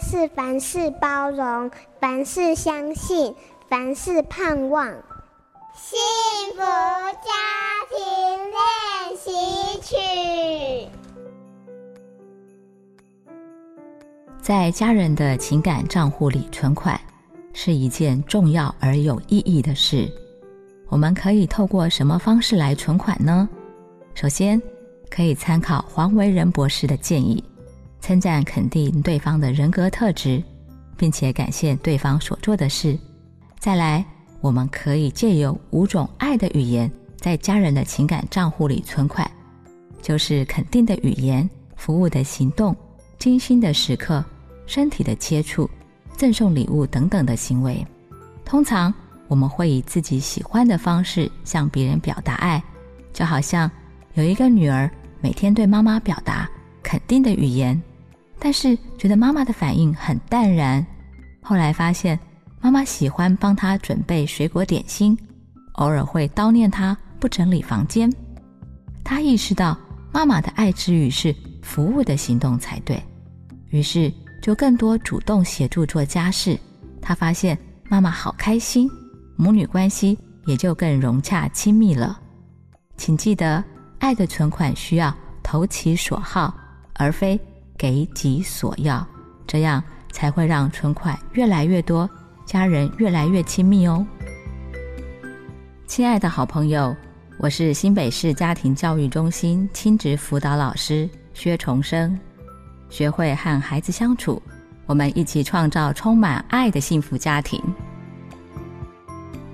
是凡事包容，凡事相信，凡事盼望。幸福家庭練習曲。在家人的情感賬戶裡存款是一件重要而有意義的事。我們可以透過什麼方式來存款呢？首先，可以參考黃維仁博士的建議。稱讚肯定對方的人格特質，並且感謝對方所做的事。再來，我們可以借由五種愛的語言，在家人的情感賬戶裡存款，就是肯定的語言、服務的行動、精心的時刻、身體的接觸、贈送禮物等等的行為。通常，我們會以自己喜歡的方式向別人表達愛，就好像有一個女兒每天對媽媽表達肯定的語言。但是覺得媽媽的反應很淡然，後來發現媽媽喜歡幫她準備水果點心，偶爾會叨念她不整理房間。她意識到媽媽的愛之語是服務的行動才對，於是就更多主動協助做家事。她發現媽媽好開心，母女關係也就更融洽親密了。請記得，愛的存款需要投其所好，而非給己所要，這樣才會讓存款越來越多，家人越來越親密哦。親愛的好朋友，我是新北市家庭教育中心親職輔導老師薛重生，學會和孩子相處，我們一起創造充滿愛的幸福家庭。